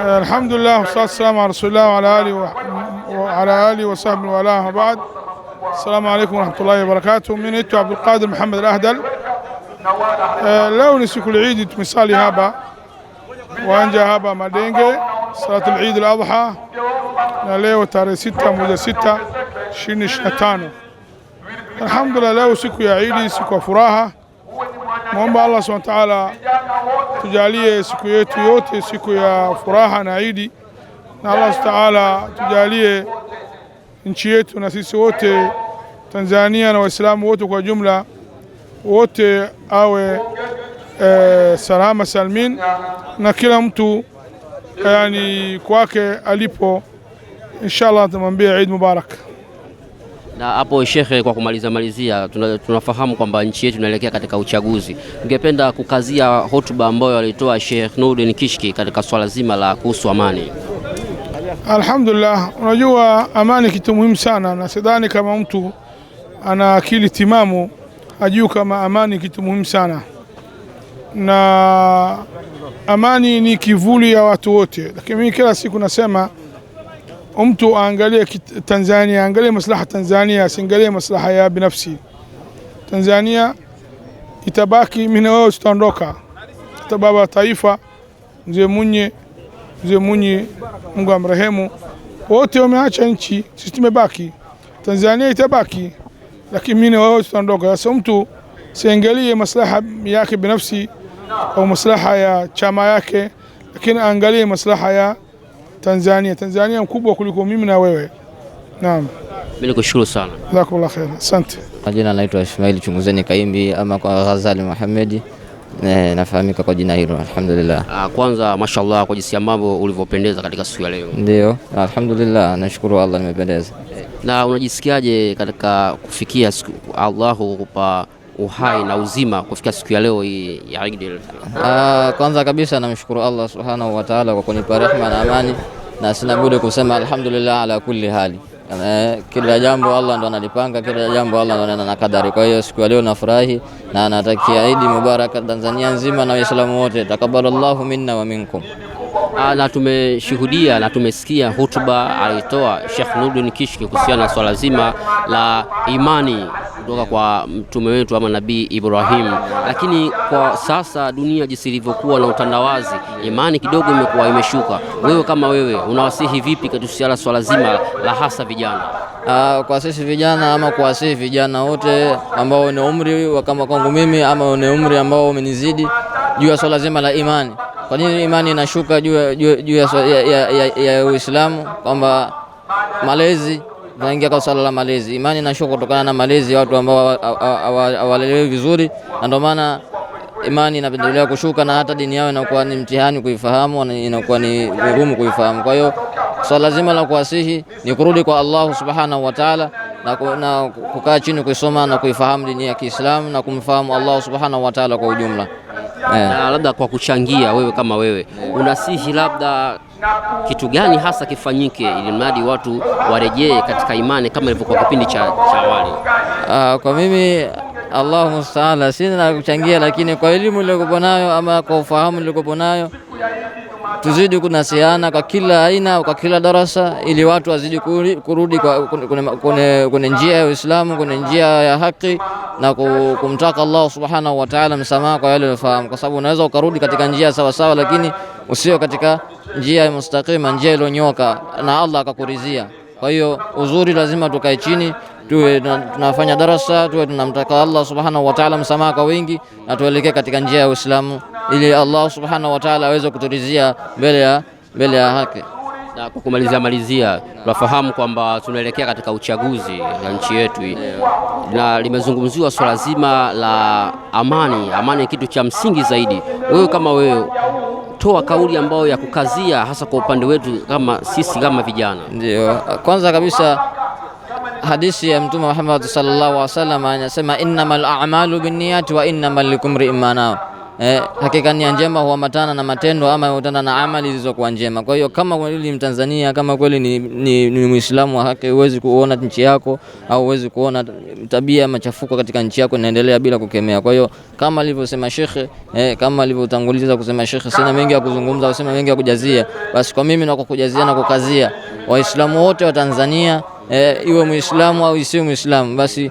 الحمد لله والصلاة والسلام على رسول الله وعلى آله وعلى آله وصحبه والاه وبعد السلام عليكم ورحمة الله وبركاته من انت عبد القادر محمد الأهدل آه، لو نسيك العيد مثالي هابا وأنجا هابا مدينجي صلاة العيد الأضحى ليه وتاري ستة موجة ستة شيني شنتانو الحمد لله لو سكو يا عيدي سكو فراها مهم الله سبحانه وتعالى tujalie siku yetu yote siku ya furaha na Idi, na Allah taala tujalie nchi yetu na sisi wote Tanzania na Waislamu wote kwa jumla wote awe e, salama salmin, na kila mtu yani kwake alipo. Inshallah, tumwambie Eid Mubarak. Na hapo Shekhe, kwa kumaliza malizia, tunafahamu kwamba nchi yetu inaelekea katika uchaguzi. Ningependa kukazia hotuba ambayo alitoa Sheikh Nuruddin Kishki katika swala zima la kuhusu amani. Alhamdulillah, unajua amani kitu muhimu sana, na sidhani kama mtu ana akili timamu hajui kama amani kitu muhimu sana, na amani ni kivuli ya watu wote, lakini mimi kila siku nasema mtu aangalie Tanzania, angalie maslaha Tanzania, asiangalie maslaha ya binafsi. Tanzania itabaki, mimi na wewe tutaondoka. Hata baba taifa mzee Munye, mzee Munye, Mungu amrehemu, wote wameacha nchi, sisi tumebaki. Tanzania itabaki, lakini mimi na wewe tutaondoka. Sasa mtu siangalie maslaha yake binafsi au maslaha ya chama yake, lakini aangalie maslaha ya Tanzania. Tanzania mkubwa kuliko mimi na wewe. Naam. Mimi nikushukuru sana. Jazakallahu khair. Asante. Majina naitwa Ismail Chunguzeni Kaimbi ama kwa Ghazali Muhamedi eh, nafahamika kwa jina hilo alhamdulillah. Ah, kwanza mashallah kwa jinsi ambavyo ulivyopendeza katika siku ya leo. Ndio, alhamdulillah nashukuru Allah nimependeza. Eh, na unajisikiaje katika kufikia siku Allahu kukupa uhai na uzima kufika siku ya leo hii ya Eid. Ah, kwanza kabisa namshukuru Allah subhanahu wa ta'ala kwa kunipa rehema na amani, na sina budi kusema alhamdulillah ala kulli hali. Eh, kila jambo Allah ndo analipanga, kila jambo Allah ndo ana kadari. Kwa hiyo siku ya leo nafurahi na natakia Eid mubarak Tanzania nzima na Waislamu wote, takabbalallahu minna wa minkum. Ah, na tumeshuhudia na tumesikia hotuba alitoa Sheikh Nuruddin Kishki kuhusiana na swala zima la imani kutoka kwa mtume wetu ama nabii Ibrahim. Lakini kwa sasa dunia jinsi ilivyokuwa na utandawazi, imani kidogo imekuwa imeshuka. Wewe kama wewe unawasihi vipi katika swala zima la hasa vijana? Uh, kwa sisi vijana ama kuwasihi vijana wote ambao ni umri kama kwangu mimi ama ni umri ambao umenizidi juu ya swala zima la imani. Kwa nini imani inashuka juu ya Uislamu? Kwamba malezi naingia kwa swala la malezi. Imani inashuka kutokana na malezi ya watu ambao hawalelewi vizuri, na ndio maana imani inapendelea kushuka, na hata dini yao inakuwa ni mtihani kuifahamu, inakuwa ni vigumu kuifahamu. Kwa hiyo swala zima la kuwasihi ni kurudi kwa Allahu subhanahu wa taala na, na kukaa chini kuisoma na kuifahamu dini ya Kiislamu na kumfahamu Allah subhanahu wa taala kwa ujumla yeah. labda kwa kuchangia wewe kama wewe yeah. Unasihi labda kitu gani hasa kifanyike ili mradi watu warejee katika imani kama ilivyokuwa kipindi cha, awali? Uh, kwa mimi Allahu mustaala, sina kuchangia, lakini kwa elimu nilikopo nayo ama kwa ufahamu nilikopo nayo tuzidi kunasiana kwa kila aina, kwa kila darasa, ili watu wazidi kurudi kwenye njia ya Uislamu, kwenye njia ya haki na kumtaka Allah subhanahu wa ta'ala msamaha kwa yale yanayofahamu, kwa sababu unaweza ukarudi katika njia sawasawa, lakini usio katika njia ya mustaqima, njia iliyonyoka na Allah akakurizia. Kwa hiyo uzuri lazima tukae chini tuwe tunafanya darasa, tuwe tunamtaka Allah subhanahu wa ta'ala msamaha kwa wingi, na tuelekee katika njia ya Uislamu ili Allah subhanahu wa ta'ala aweze kuturizia mbele ya mbele ya haki. Na kwa kumalizia malizia, tunafahamu kwamba tunaelekea katika uchaguzi wa nchi yetu hii, na limezungumziwa swala zima la amani. Amani ni kitu cha msingi zaidi. Wewe kama wewe toa kauli ambayo ya kukazia hasa kwa upande wetu kama sisi kama vijana. Ndio kwanza kabisa hadithi ya Mtume Muhammad sallallahu alaihi wasallam anasema, innamal a'malu binniyati wa innamal likumri imanao Eh, hakika nia njema huambatana na matendo ama huambatana na amali zilizokuwa njema. Kwa hiyo kama kweli Mtanzania, kama kweli ni, ni, ni Muislamu wa haki, huwezi kuona nchi yako au huwezi kuona tabia machafuko katika nchi yako inaendelea bila kukemea. Kwa hiyo kama alivyosema shekhe eh, kama alivyotanguliza kusema shekhe, sina mengi ya kuzungumza au sina mengi ya kujazia, basi kwa mimi na kwa kujazia na kukazia Waislamu wote wa Tanzania eh, iwe Muislamu au isiwe Muislamu, basi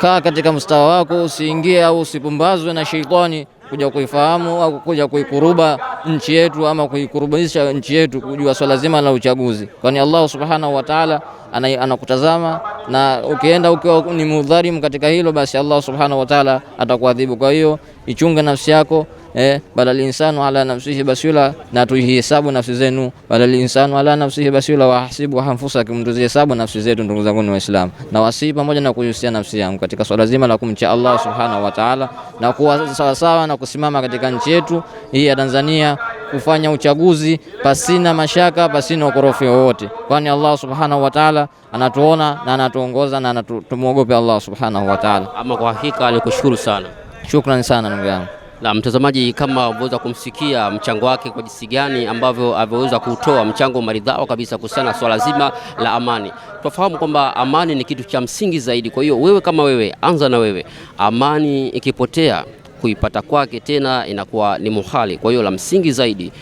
kaa katika mstawa wako, usiingie au usipumbazwe na sheitani kuja kuifahamu au kuja kuikuruba nchi yetu ama kuikurubisha nchi yetu kujua swala zima la uchaguzi, kwani Allah subhanahu wa ta'ala anakutazama na ukienda ukiwa ni mudhalimu katika hilo, basi Allah subhanahu wa ta'ala atakuadhibu. Kwa hiyo ichunge nafsi yako eh, balal insanu ala nafsihi basila, na tuihesabu nafsi zenu. Balal insanu ala nafsihi basila wa hasibu anfusakum, mtu zihesabu nafsi zetu. Ndugu zangu wa Islam, na wasii pamoja na kuhusia nafsi yangu katika swala zima la kumcha Allah subhanahu wa ta'ala na kuwa sawasawa na kusimama katika nchi yetu hii ya Tanzania kufanya uchaguzi pasina mashaka, pasina ukorofi wowote, kwani Allah subhanahu wa taala anatuona na anatuongoza na tumwogope Allah subhanahu wa taala. Ama kwa hakika alikushukuru sana, shukrani sana ndugu yangu. Na mtazamaji, kama uweza kumsikia mchango wake kwa jinsi gani ambavyo ameweza kutoa mchango maridhawa kabisa kuhusiana na swala zima la amani. Tufahamu kwamba amani ni kitu cha msingi zaidi. Kwa hiyo wewe kama wewe, anza na wewe. Amani ikipotea kuipata kwake tena inakuwa ni muhali. Kwa hiyo la msingi zaidi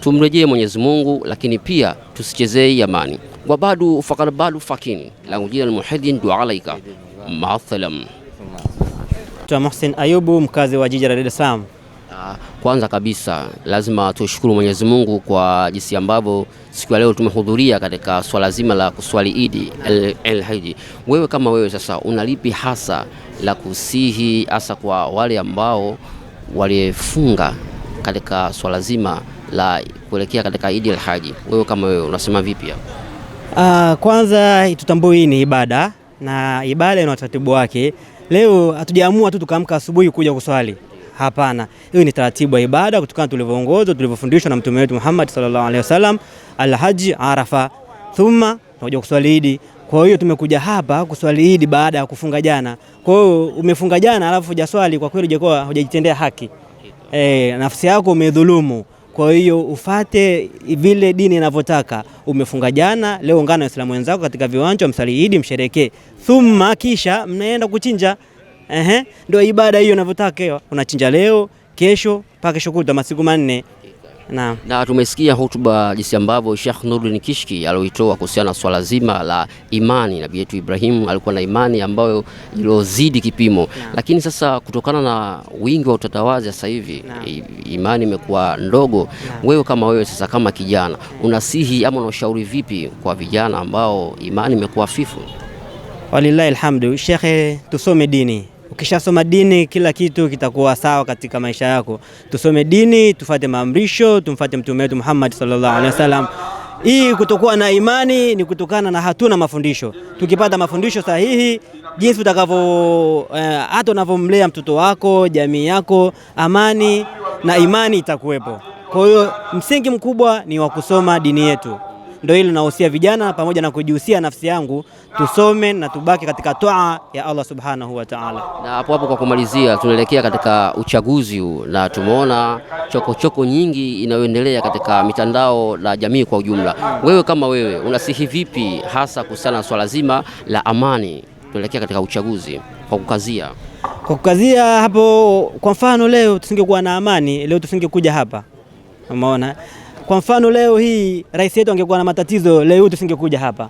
tumrejee Mwenyezi Mungu, lakini pia tusichezee amani. wa badu faqad badu fakini langu jina Muhidin dua alaika maasalam. Muhsin Ayubu, mkazi wa jiji la Dar es Salaam. Ah, kwanza kabisa lazima tushukuru Mwenyezi Mungu kwa jinsi ambavyo siku ya leo tumehudhuria katika swala zima la kuswali Idi el haji Wewe kama wewe sasa, unalipi hasa la kusihi hasa kwa wale ambao waliefunga katika swala zima la kuelekea katika Idi el haji Wewe kama wewe unasema vipi hapo? Uh, kwanza tutambue hii ni ibada na ibada ina utaratibu wake. Leo hatujaamua tu tukaamka asubuhi kuja kuswali Hapana, hiyo ni taratibu ya ibada kutokana tulivyoongozwa, tulivyofundishwa na mtume wetu Muhammad sallallahu alaihi wasallam, alhaji Arafa, thumma tunakuja kuswali Idi. Kwa hiyo tumekuja hapa kuswali Idi baada ya kufunga jana. Kwa hiyo umefunga jana alafu hujaswali, kwa kweli jakuwa hujajitendea haki e, nafsi yako umedhulumu. Kwa hiyo ufate vile dini inavyotaka. Umefunga jana, leo ungana na Waislamu wenzako katika viwanja, msali Idi, msherekee, thumma kisha mnaenda kuchinja Ehe, ndio ibada hiyo inavyotaka Unachinja leo, kesho, mpaka kesho kutwa masiku manne. Na, na tumesikia hotuba jinsi ambavyo Sheikh nurdin Kishki alioitoa kuhusiana na swala zima la imani. Nabii yetu Ibrahim alikuwa na imani ambayo ilozidi kipimo na, lakini sasa kutokana na wingi wa utatawazi sasa hivi imani imekuwa ndogo na. Wewe kama wewe sasa kama kijana unasihi ama unashauri vipi kwa vijana ambao imani imekuwa fifu Walillahi alhamdu, Sheikh, tusome dini Ukishasoma dini kila kitu kitakuwa sawa katika maisha yako. Tusome dini, tufate maamrisho, tumfate mtume wetu Muhammad sallallahu alaihi wasallam. Hii kutokuwa na imani ni kutokana na hatuna mafundisho. Tukipata mafundisho sahihi, jinsi utakavyo eh, hata eh, unavyomlea mtoto wako, jamii yako, amani na imani itakuwepo. Kwa hiyo msingi mkubwa ni wa kusoma dini yetu. Ndio hili linahusia vijana pamoja na kujihusia nafsi yangu, tusome na tubaki katika toa ya Allah subhanahu wa ta'ala. Na hapo hapo, kwa kumalizia, tunaelekea katika uchaguzi huu na tumeona chokochoko nyingi inayoendelea katika mitandao na jamii kwa ujumla. Wewe kama wewe unasihi vipi hasa kuhusiana na swala zima la amani tunaelekea katika uchaguzi kwa kukazia kwa kukazia hapo? Kwa mfano leo tusingekuwa na amani, leo tusingekuja hapa, umeona kwa mfano leo hii rais yetu angekuwa na matatizo leo hii tusingekuja hapa,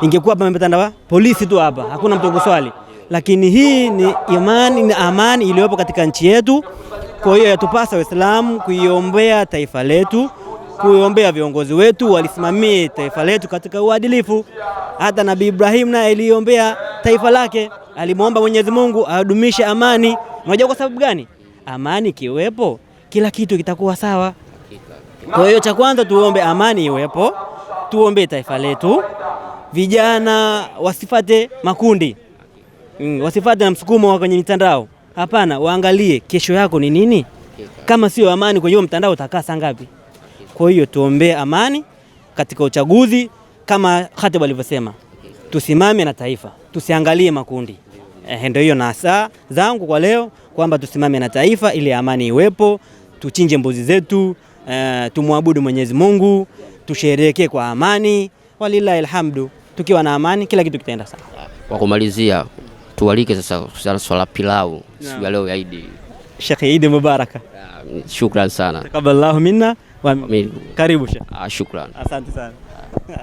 ingekuwa pametandawa polisi tu hapa, hakuna mtu kuswali. Lakini hii ni imani na amani iliyopo katika nchi yetu. Kwa hiyo yatupasa Waislamu kuiombea taifa letu, kuiombea viongozi wetu walisimamie taifa letu katika uadilifu. Hata Nabii Ibrahim naye aliombea taifa lake, alimwomba Mwenyezi Mungu adumishe amani. Unajua kwa sababu gani? Amani kiwepo, kila kitu kitakuwa sawa. Kwa hiyo cha kwanza tuombe amani iwepo, tuombe taifa letu, vijana wasifate makundi mm, wasifate na msukumo wa kwenye mitandao. Hapana, waangalie kesho yako ni nini. Kama sio amani kwenye mtandao utakaa saa ngapi? Kwa hiyo tuombee amani katika uchaguzi, kama Khatib alivyosema, tusimame na taifa, tusiangalie makundi. Eh, ndio hiyo na saa zangu kwa leo kwamba tusimame na taifa ili amani iwepo, tuchinje mbuzi zetu. Eh, tumwabudu Mwenyezi Mungu, tusherehekee kwa amani, walillahi alhamdu. Tukiwa na amani kila kitu kitaenda sawa. Kwa kumalizia, tualike sasa kuhusiana swala pilau siku ya leo ya Idi. Sheikh, Idi mubaraka. Ah, shukran sana. takabbalallahu minna wa karibu Sheikh. Ah, shukran. Asante sana.